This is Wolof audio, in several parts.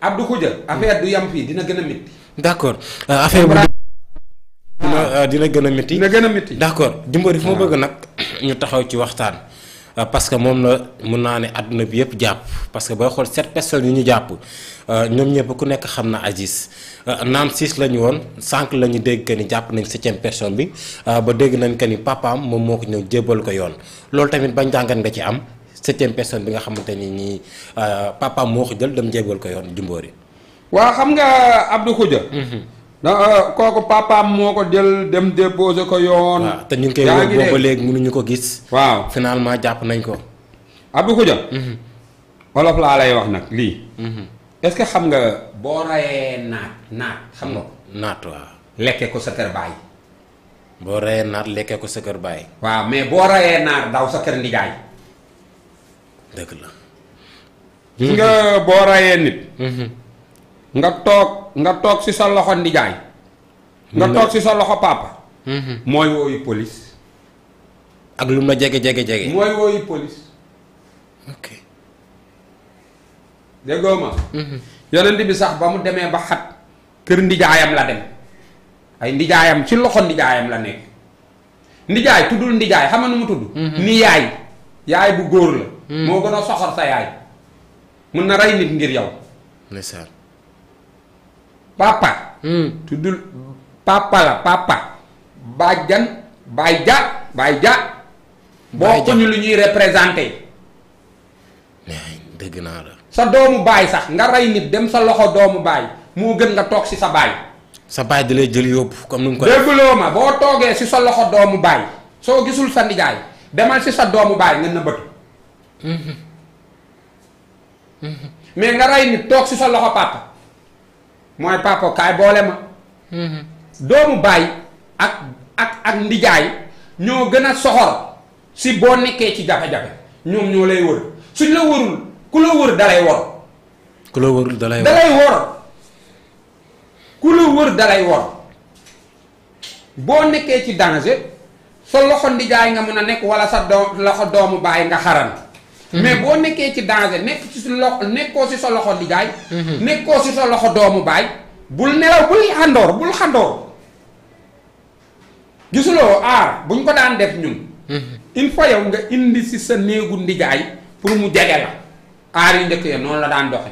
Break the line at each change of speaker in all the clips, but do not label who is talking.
Abdou Khoudia affaire du yam fii dina gën a métti. d'accord euh, affaire bu dina euh, dina gën a métti. dina gën a métti d'accord dimbali fu ma bëgg nag ñu taxaw ci waxtaan. Euh, parce que moom la mun naa ne àdduna bi yëpp jàpp parce que booy xool sept personnes yu ñu jàpp ñoom ñëpp ku nekk xam na Aziz naam six la ñu woon sànq lañu dégg que ni jàpp nañ septième personne bi ba dégg nañ que ni papaam moom moo ko ñëw jébbal ko yoon loolu tamit ba njàngat nga ci am. septième personne bi nga xamante ni nii euh, papa moo ko jël dem jébbal ko yoon Jumbori.
waa xam nga Abdou Khoudia. Mhm. Euh, kooku papaam moo ko jël dem déposé ko yoon. te ñu ngi koy woo boobu léegi mënuñu ko gis. waaw finalement jàpp nañ ko. Abdou Khoudia. Mhm. olof laa lay wax nag lii. Mhm. est-ce que xam nga. boo rayee naat naat xam nga. naat waaw. lekkee ko sa kër bàyyi. boo rayee naat lekkee ko sa kër bàyyi. waaw mais boo rayee naat daw sa kër nijaay. dëgg la. nga boo rayee nit. Mhm. nga toog nga toog ci sa loxo nijaay. nga toog ci sa loxo papa. Mhm. mooy wooyu police. ak lu ma jege jege jege. mooy wooyu polis ok. déggoo ma. Mhm. yonent bi sax ba mu demee ba xat kër ndijaayam la dem ay ndijaayam ci loxo ndijaayam la nekk ndijaay tuddul ndijaay xam nu mu tudd. ni yaay yaay bu góor la. Hmm. moo gën a soxor sa yaay mun na rey nit ngir yow ndeysaan papa hmm. tuddul papa la papa bàjjan baay ja baay ja bokkuñu lu ñuy représenté dëgg naa la sa doomu baay sax nga rey nit dem sa loxo doomu baay moo gën nga toog si sa baay sa baay da lay jël yóbbu comme ni ma boo toogee si sa loxo doomu baay soo gisul sa nijaay demal si sa doomu baay nga nëbbatu mais nga rey nit toog si sa loxo papa mooy papa kaay boole ma. doomu baay ak ak ak ndijaay ñoo gën a soxor si boo nekkee ci jafe-jafe ñoom ñoo lay wër suñ la wërul ku la wër dalay wor. ku la wër dalay wor boo nekkee ci danger sa loxo ndijaay nga mun a nekk wala sa doo doomu baay nga xaran. Mm-hmm. mais boo nekkee ci danger nekk ci sa loxo nekkoo ci sa loxo liggéey. Mm-hmm. nekkoo ci sa loxo doomu baay. bul nelaw bul xandoor bul xandoor gisuloo aar buñ ko daan def ñun. Mm-hmm. il faut yow nga indi si sa néegu ndigaay pour mu jege la aar yu njëkk ya noonu la daan doxe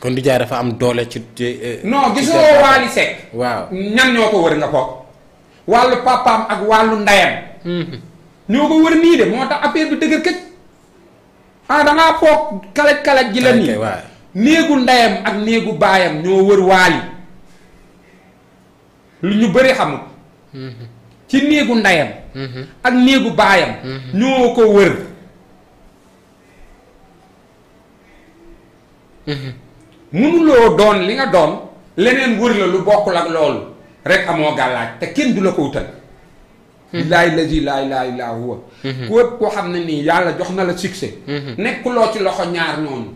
kon ndijaay dafa am doole ci. Eh, non gisoo Waly Seck. waaw ñan ñoo ko wër nga ko wàllu papaam ak wàllu ndeyam. ñoo ko wër nii de moo tax affaire bi dëgër këj. ah da ngaa foog kalaj kalaj ji la ah, nii néegu ndeyam ak néegu baayam ñoo wër waali lu ñu bari xamul mhm. ci néegu ndeyam mhm. ak néegu baayam mhm. ñoo ko wër mënuloo doon li nga doon leneen wër la lu bokkul ak loolu rek amoo gàllaaj te kenn du la ko wutal billaahi lazi laa ilaaha illaa huwa mhm. képp koo xam ne nii yàlla jox na la succès mhm. nekkuloo ci loxo ñaar ñooñu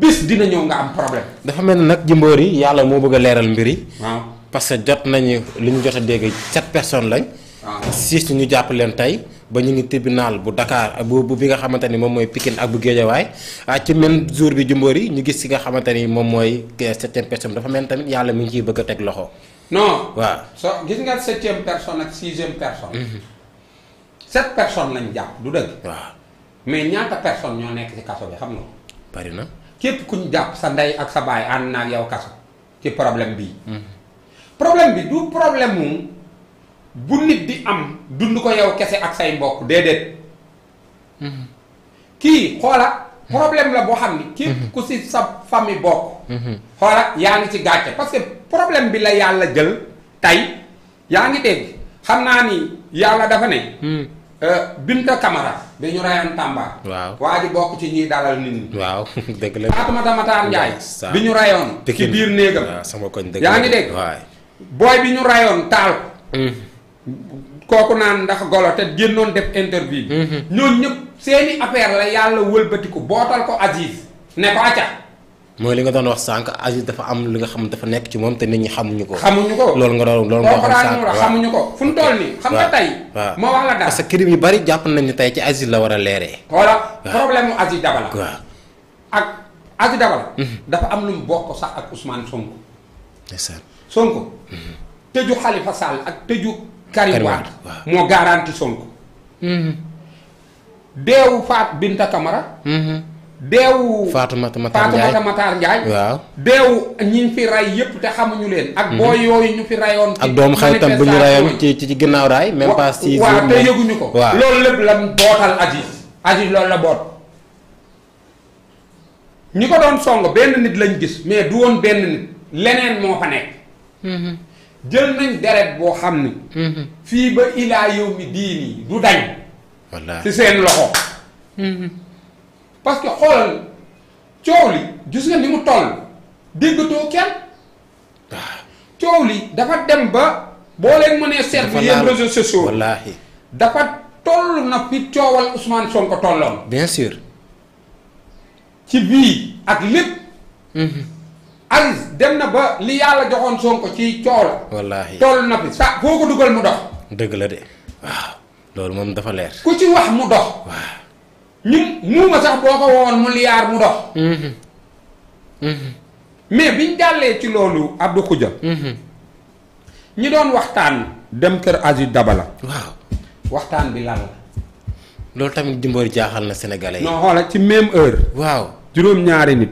bis dina ñëw nga am problème
dafa mel ne nag jimboor yi yàlla moo bëgg a leeral mbir yi waaw parce que jot nañu li ñu jot a dégg sept personnes lañ six ñu jàpp leen tey ba ñu ngi tribunal bu Dakar bu bu bi nga xamante ni moom mooy Pikine ak bu Géejawaay ah, ci même jour bi jumboor yi ñu gis si nga xamante ni moom mooy eh, septième personne dafa mel ni tamit yàlla mi ngi ciy bëgg a teg loxo non waaw
so gis nga septième personne ak sixième personne. Mhm. sept personnes lañ jàpp du dëgg. waaw mais ñaata personne ñoo nekk ci kaso bi xam nga. bari na képp ku ñu jàpp sa ndey ak sa baay ànd naa ak yow kaso ci problème bii. Mhm. problème bi du problème mu bu nit di am dund ko yow kese ak say mbokk déedéet. Mhm. kii xoola problème la boo xam ni. képp ku ci sa famille bokk. xoola yaa ngi ci gàcce parce problème bi la yàlla jël tey yaa ngi dégg xam naa ni yàlla dafa ne. Hmm. Euh, Binta Camara dañu rayoon Tamba. waaw waa ji bokk ci ñuy dalal nit ñi. waaw dëgg bi ñu rayoon. ci biir néegam. sama koñ dëgg yaa ngi dégg. booy bi ñu rayoon taal ko. Hmm. kooku naan ndax golo te génnoon def interview. Hmm. ñooñu ñëpp seeni affaire la yàlla wëlbatiku bootal ko Aziz ne ko acca
mooy li nga doon wax sànq Aziz dafa am li nga xam dafa nekk ci moom te nit ñi xamuñu ko. xamuñu ko loolu nga doon loolu nga wax sànq xamuñu
ko fu mu toll nii. xam nga tey.
waaw moo wax la daal parce que crime yu bari jàpp nañu tey ci Aziz la war a leeree.
voilà problème mu Aziz Dabala. waaw ak Aziz Dabala. Mhm. dafa am lu mu bokk sax ak Ousmane Sonko. ndeysaan Sonko. Mhm. tëju Khalifa Sall ak tëju. Karim Wade moo garanti Sonko. Mhm. deewu faat Binta Kamara. deewu Fatoumata Matar Ndiaye Fatoumata Matar Ndiaye. waaw deewu ñi fi ray yëpp te xamuñu leen. ak mhm. boo yooyu ñu fi rayoon. ak doomu xaritam bu ñu rayoon
ci ci ginnaaw raay. même pas si waaw ko. waaw loolu
lépp la bootal Aziz. loolu la boot. ñi ko doon song benn nit lañ gis mais du woon benn nit leneen moo fa nekk. Mhm. jël nañ deret boo xam ni. Mhm. fii ba ilaa yow mi diini du dañ. wallaahi ci seen loxo. parce que xoolal coow li gis nga ni mu toll déggatoo kenn coow li dafa dem ba boo leen mënee seetlu yéen réseaux sociaux wallaahi dafa toll na fi coowal Ousmane Sonko tolloon. bien sûr. ci bii ak lépp. Mhm. Aziz dem na ba li yàlla joxoon Sonko ci coow la.
wallaahi toll
na fi sa foo ko dugal mu dox.
dëgg la de waaw loolu moom dafa leer.
ku ci wax mu dox. ñun muuma sax boo ko wowoon mu mu dox. Mhm. Mhm. mais biñ jàllee ci loolu Abdou Khoudia. Mhm. ñi doon waxtaan dem kër Aziz Dabala. waaw waxtaan bi lan la. loolu tamit Jimbori jaaxal na sénégalais yi. non xoola ci même heure. waaw juróom-ñaari nit.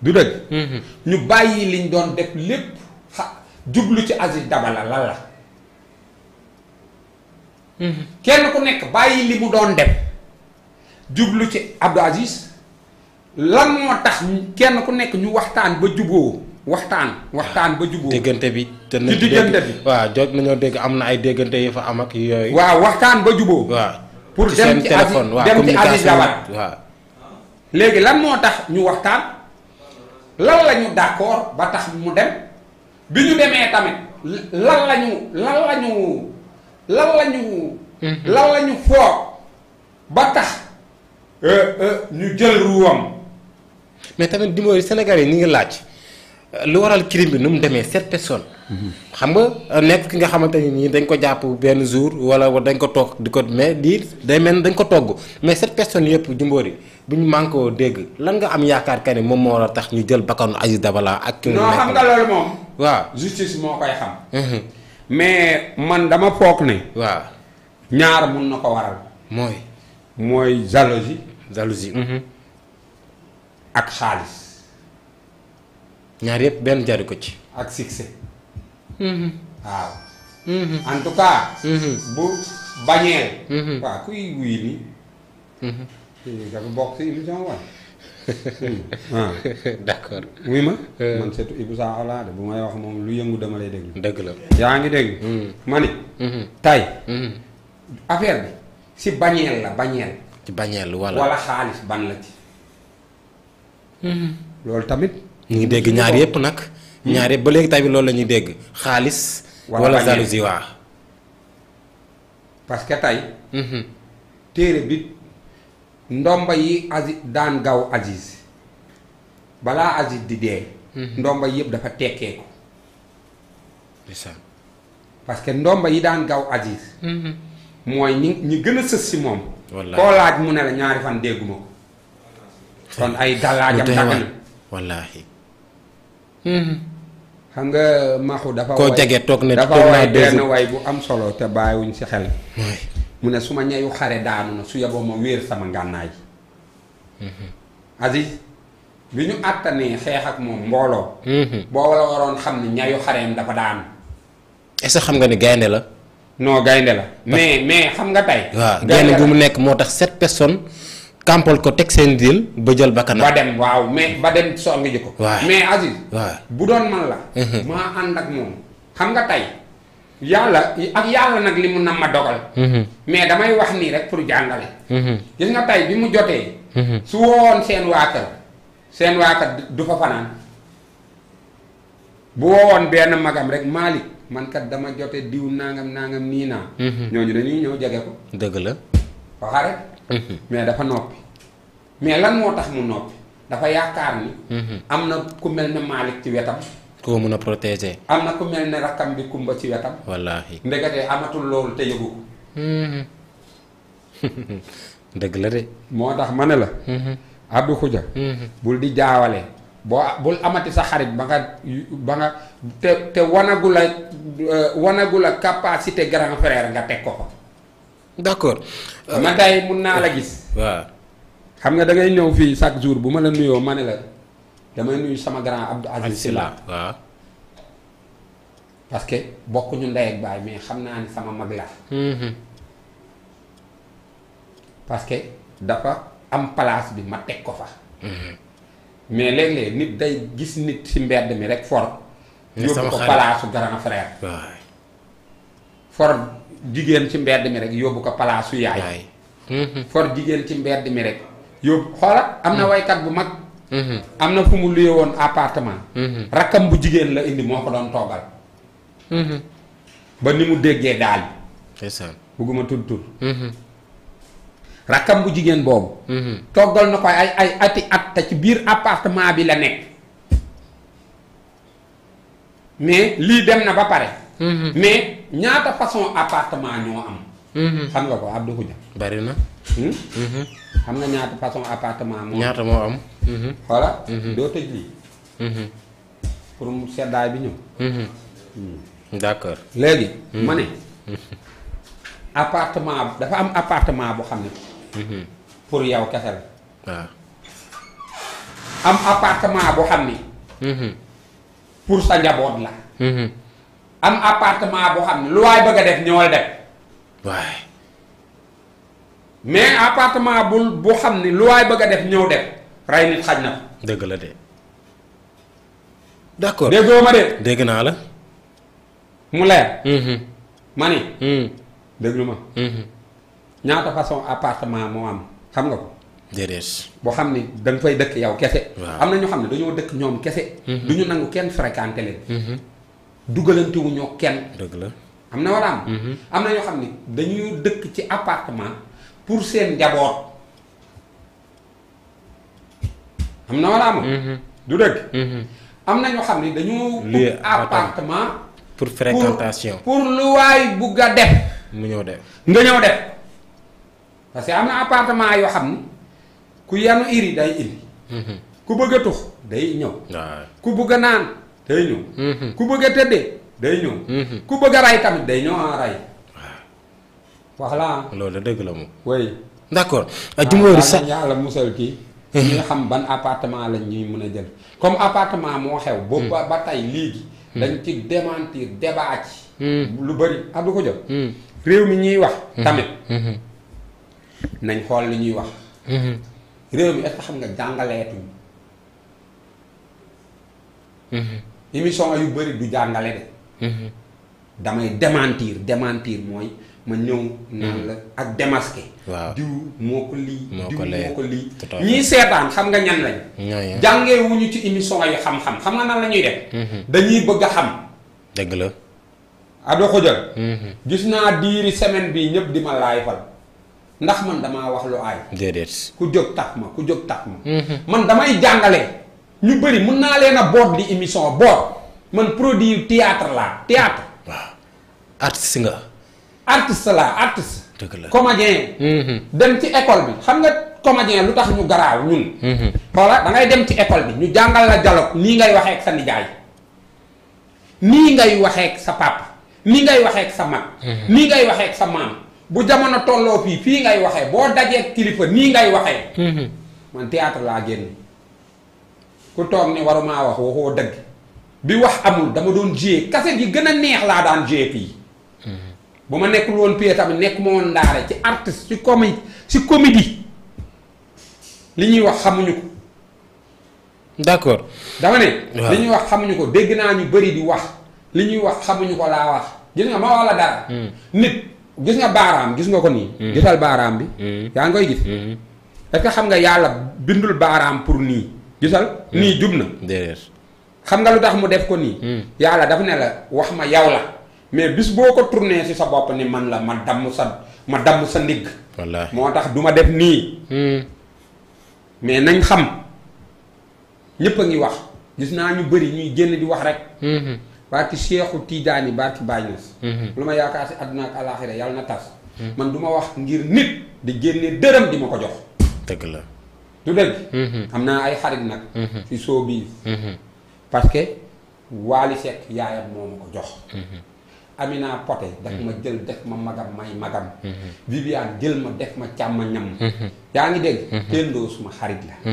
du dëgg. ñu bàyyi liñ doon def lépp jublu ci Aziz Dabala lan la. kenn ku nekk bàyyi li mu doon def. jublu ci Abdou Aziz lan moo tax kenn ku nekk ñu waxtaan ba juboo waxtaan waxtaan ba juboo déggante bi te ci diggante bi waaw jot nañoo dégg am na ay déggante yi fa am ak yooyu waaw waxtaan ba juboo waaw pour dem ci téléphone waaw dem ci Aziz Dabala waaw léegi lan moo tax ñu waxtaan lan lañu ñu d'accord ba tax mu dem bi ñu demee tamit lan la ñu lan la ñu lan la
ñu
mhm. ba tax Euh, euh, ñu jël ruwam. mais tamit dimbali Sénégal yi ñu ngi laaj
lu waral crime bi nu mu demee sept personnes. xam nga nekk ki nga xamante ni nii dañ ko jàpp benn jour wala dañ ko toog di ko mais di day mel dañ ko togg mais sept personnes yëpp jumboori bu ñu mànkoo dégg lan nga am yaakaar ka ne moom moo war a tax ñu jël bakkanu Aziz
Dabala ak. non xam nga loolu moom. waaw justice moo koy xam. Mhm. mais man dama foog ne. waaw ñaar mun na ko waral. mooy. mooy jalousie. jalousie. Mhm. ak xaalis. ñaar yëpp benn jaru ko ci. ak succès. Mhm. waaw. Mhm. en tout cas. bu bañeel. waaw kuy wuy nii. dafa bokk ci émission wala. Hmm. ah d'accord. oui ma. Euh. man seetu Ibou Sakho laa de bu may wax moom lu yëngu dama lay déglu. dëgg yaa ngi dégg. Hmm. ma ni. tey. bi. si bañeel la bañeel. ci bañeel wala wala xaalis ban la ci. Hmm. loolu tamit. ñu ngi dégg ñaar yëpp nag. Hmm. ñaar yëpp
ba léegi tamit loolu lañuy dégg xaalis. wala jalousie waa
parce que tey. Hmm. téere bi ndomba yi Aziz daan gaw Aziz balaa Aziz di dee. ndomba yëpp dafa tekkee ko. parce que ndomba yi daan gaw Aziz. mooy ñi ñi gën a sës si moom. koo laaj mu ne la ñaari fan dégguma ko. kon ay dalaajam dagg wallaahi. Hmm. xam nga maxu dafa. koo jege toog na dafa way benn way bu am solo te bàyyiwuñ si xel. mu ne su ma ñeyu xare daanu na su yeboo ma wéer sama ngànnaay. Hmm. Aziz bi ñu àttanee xeex ak moom mbooloo. Hmm. boo la waroon xam ne ñayu xareem dafa daanu.
est-ce xam nga ni gaynde la.
non gaynde la. mais mais xam nga tey. waaw gaynde gu mu
nekk moo tax sept personnes. kàmpal ko teg seen dil ba jël bakkanam. ba dem
waaw mais ba dem songi ji ko. waaw mais Aziz. bu doon man la. Mhm. maa ànd ak moom xam nga tey. yàlla ak yàlla nag li mu nam ma dogal. Mhm. mais damay wax nii rek pour jàngale. Mhm. gis nga tey bi mu jotee. su woowoon seen waa seen waa kër du fa fanaan bu woowoon benn magam rek Malick man kat dama jote diw nangam nangam nii naa. Mhm. ñooñu dañuy ñëw jege ko. dëgg la. waxa rek. Mhm. mais dafa noppi. mais lan moo tax mu noppi dafa yaakaar ni. Mhm. am na ku mel ne Malick ci wetam.
koo mun a protéger.
am na ku mel ne rakkam bi kumba ci wetam. wallaahi ndekete amatul loolu te yëgu ko. dëgg la de. moo tax ma ne la. Abdou Khoudia. bul di jaawale. boo bul amati sa xarit ba nga ba nga te te wanagu la euh, wanagu la capacité grand frère nga teg ko fa. d'accord. Euh, ma tey mun naa la gis. waaw xam nga dangay ñëw fii chaque jour bu ma la nuyoo ma ne la damay nuyu sama grand Abdou Aziz waaw. parce que bokkuñu ndey ak baay mais xam naa ni sama mag la. Mhm. parce que dafa am place bi ma teg ko fa. Mhm. mais léeg-léeg nit day gis nit ci mbedd mi rek for. yóbbu ko palaasu grand frère. for jigéen ci mbedd mi rek yóbbu ko palaasu yaay. Mhm. for jigéen ci mbedd mi rek. yóbbu xoola am na mhm. waykat bu mag. Mhm. am na fu mu luye woon appartement. rakkam bu jigéen la indi moo ko doon toggal. ba ni mu déggee daal. bugguma tudd tur. rakkam bu jigéen boobu. Mhm. toggal na ko ay ay ati at te ci biir appartement bi la nekk mais lii dem na ba pare. Mhm. mais ñaata façon apartement ñoo am. Mhm. xam nga bari na. Hmm? xam nga ñaata façon appartement moo. ñaata moo doo tëj lii. pour mu seddaay bi ñëw.
Hmm. d'accord léegi. ma ne.
appartement dafa am appartement boo xam ne Mm-hmm. pour yow kese la. waaw. Ah. am appartement boo xam ne. Mm-hmm. pour sa njaboot la. Mm-hmm. am appartement boo xam ne lu waay bëgg def ñëwal def. waay. mais appartement bu bu xam ne lu waay bëgg def ñëw def rey nit xaj na ko. dëgg la de. d' accord ma de. dégg naa la. mu leer. ma mm. déglu ma. ñaata façon appartement moo am xam nga ko. boo xam ne da nga fay dëkk yow kese. am na ñoo xam ne dañoo dëkk ñoom kese. Mhm. du ñu nangu kenn fréquenté leen. Mhm. dugalante wu kenn. dëgg la am na wala am. Mhm. na ñoo xam ne dañu dëkk ci appartement pour seen njaboot. am na wala am. du dëgg. am na ñoo xam ni dañoo. luy appartement. pour fréquentation pour lu waay bugg a def. mu ñëw def nga ñëw def. parce que am na appartement yoo xam ni ku yanu iri day indi. Mhm. ku bëgg tux day ñëw. ku bëgg naan day ñëw. Mhm. ku bëgg a tëddee day ñëw. Mhm. ku bëgg rey tamit day ñëw a rey. wax la loolu dëgg la moom. oui d' accord. Ah, jumóori sax yàlla musal kii. ñu xam ban appartement lañ ñuy mën a jël comme appartement moo xew. ba ba tey léegi. dañ ci démentir débat ci. lu bëri ak ah, lu ko jël. réew mi ñuy wax. tamit. nañ xool li ñuy wax. Mm-hmm. réew mi est ce xam nga jàngaleetu. Mm-hmm. émission yu bëri du jàngale de. Mm-hmm. damay demantiir demantiir mooy ma ñëw. naan la ak démasqué. waaw diw moo ko lii. diw moo ko lii ñii seetaan xam nga ñan lañ. jàngee ci émission yi xam-xam xam nga nan la def. dañuy bëgg a xam. dëgg la. Ado Khoudia. gis naa diiri semaine bii ñëpp di ma laay fal. ndax man damaa wax lu aay. ku jóg tax ma ku jóg tax ma.
Mhm. man
damay jàngale. ñu bëri mun naa leen a boot di émission boot man produit théâtre laa théâtre. waaw artiste nga. artiste laa artiste.
dëgg la mhm.
dem ci école bi xam nga comédien lu tax ñu garaar ñun. Mhm. xoola da ngay dem ci école bi ñu jàngal la dialogue nii ngay waxee ak sa nijaay nii ngay waxee ak sa papa nii ngay waxee ak sa mag. nii ngay waxee ak sa maam. bu jamono tolloo fii fii ngay waxee boo dajee kilifa nii ngay waxee. Mhm. man théâtre laa génn ku toog ni warumaa wax waxoo dëgg bi wax amul dama doon jouer kaset yi gën a neex laa daan jouer fii. Mhm. bu ma nekkul woon pie tamit nekk ma woon ndaare ci artiste ci comi ci comédie li ñuy wax xamuñu ko. d'accord dama ne. li ñuy wax xamuñu ko dégg naa ñu bari di wax li ñuy wax xamuñu ko laa wax gis nga ma wala dara. Mhm. nit. gis nga baaraam gis nga ko nii. gisal mm. baaraam bi. Mm. yaa ngi gis. Mm-hmm. est xam nga yàlla bindul baaraam pour nii. gisal mm. nii jub na. xam nga lu tax mu def ko nii. yàlla dafa ne la wax ma yow la mais bis boo ko tourné si sa bopp ni man la ma damm sa ma damm sa ndigg. wallaahi moo tax duma ma def nii. mais nañ xam ñëpp a ngi wax gis naa ñu bëri ñuy génn di wax rek. Mm-hmm. barki Seexu Tiijaani barki Baay Ñas mhm. lu ma yaakaar si àdduna ak alaaxira yàlla na tas mhm. man du ma wax ngir nit di génne dërëm di ma ko jox dëgg la du dëgg mhm. am naa ay xarit nag si soo bii parce que Waali Seck yaayam moo ma ko jox Amina Poté daf ma jël def ma magam may magam Viviane jël ma def ma càmm ñam yaa ngi dégg tendoo suma xarit la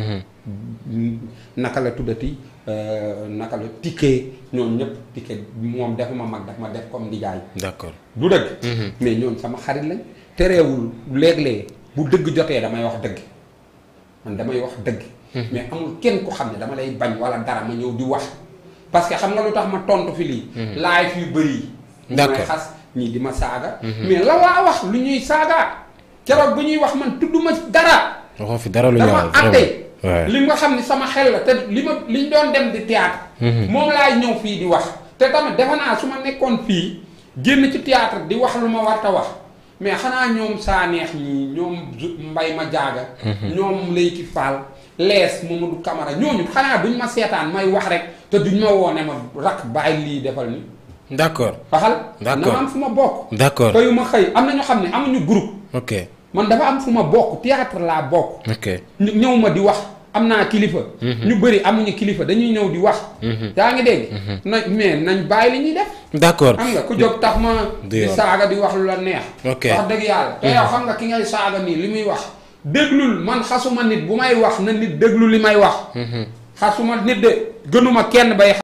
naka la tuddati Euh, naka la ticket ñoom ñëpp ticket moom ma mag daf ma def comme ndijaay. d'accord du dëgg. Mhm. mais ñoom sama xarit lañ. tereewul léeg-léeg bu dëgg jotee damay wax dëgg man damay wax dëgg. Mhm. mais amul kenn ku xam ne dama lay bañ wala dara ma ñëw di wax. parce que xam nga lu tax ma tontu fi lii. Mhm. live yu bëri yi. d'accord may xas ñii di ma saaga. mais la waa wax lu ñuy saaga. keroog bu ñuy wax man tudd ma dara.
waxoo fi dara lu ñaaw dama àtte li
nga xam ni sama xel la te li ma liñ doon dem di théâtre mhm. moom laay ñëw fii di wax te tamit defe naa su ma nekkoon fii génn ci théâtre di wax lu ma war ta wax mais xanaa ñoom Saneex ñii ñoom Mbay ma jaaga mhm. ñoom Leyti Fall lees Mamadou Camara ñooñu xanaa duñ ma seetaan may wax rek te duñ ma woone ma rak bàyyi lii defal ni d' accord waxal. d' accord na ma am fu ma bokk.
d' accord ma
xëy am na ñoo xam ne amuñu group ok man dafa am fu ma bokk théâtre laa bokk. ñëw ma di wax am naa kilifa. Mhm. ñu bëri amuñu kilifa dañuy ñëw di wax. Mhm. yaa ngi dégg. Mhm. na mais nañ bàyyi li ñuy def.
d'accord xam nga ku jóg
tax ma. di saaga di wax lu la neex. wax dëgg yàlla. te yow xam nga ki ngay saaga nii li muy wax. déglul man xasuma nit bu may wax na nit déglu li may wax. xasuma nit de gënuma kenn bay.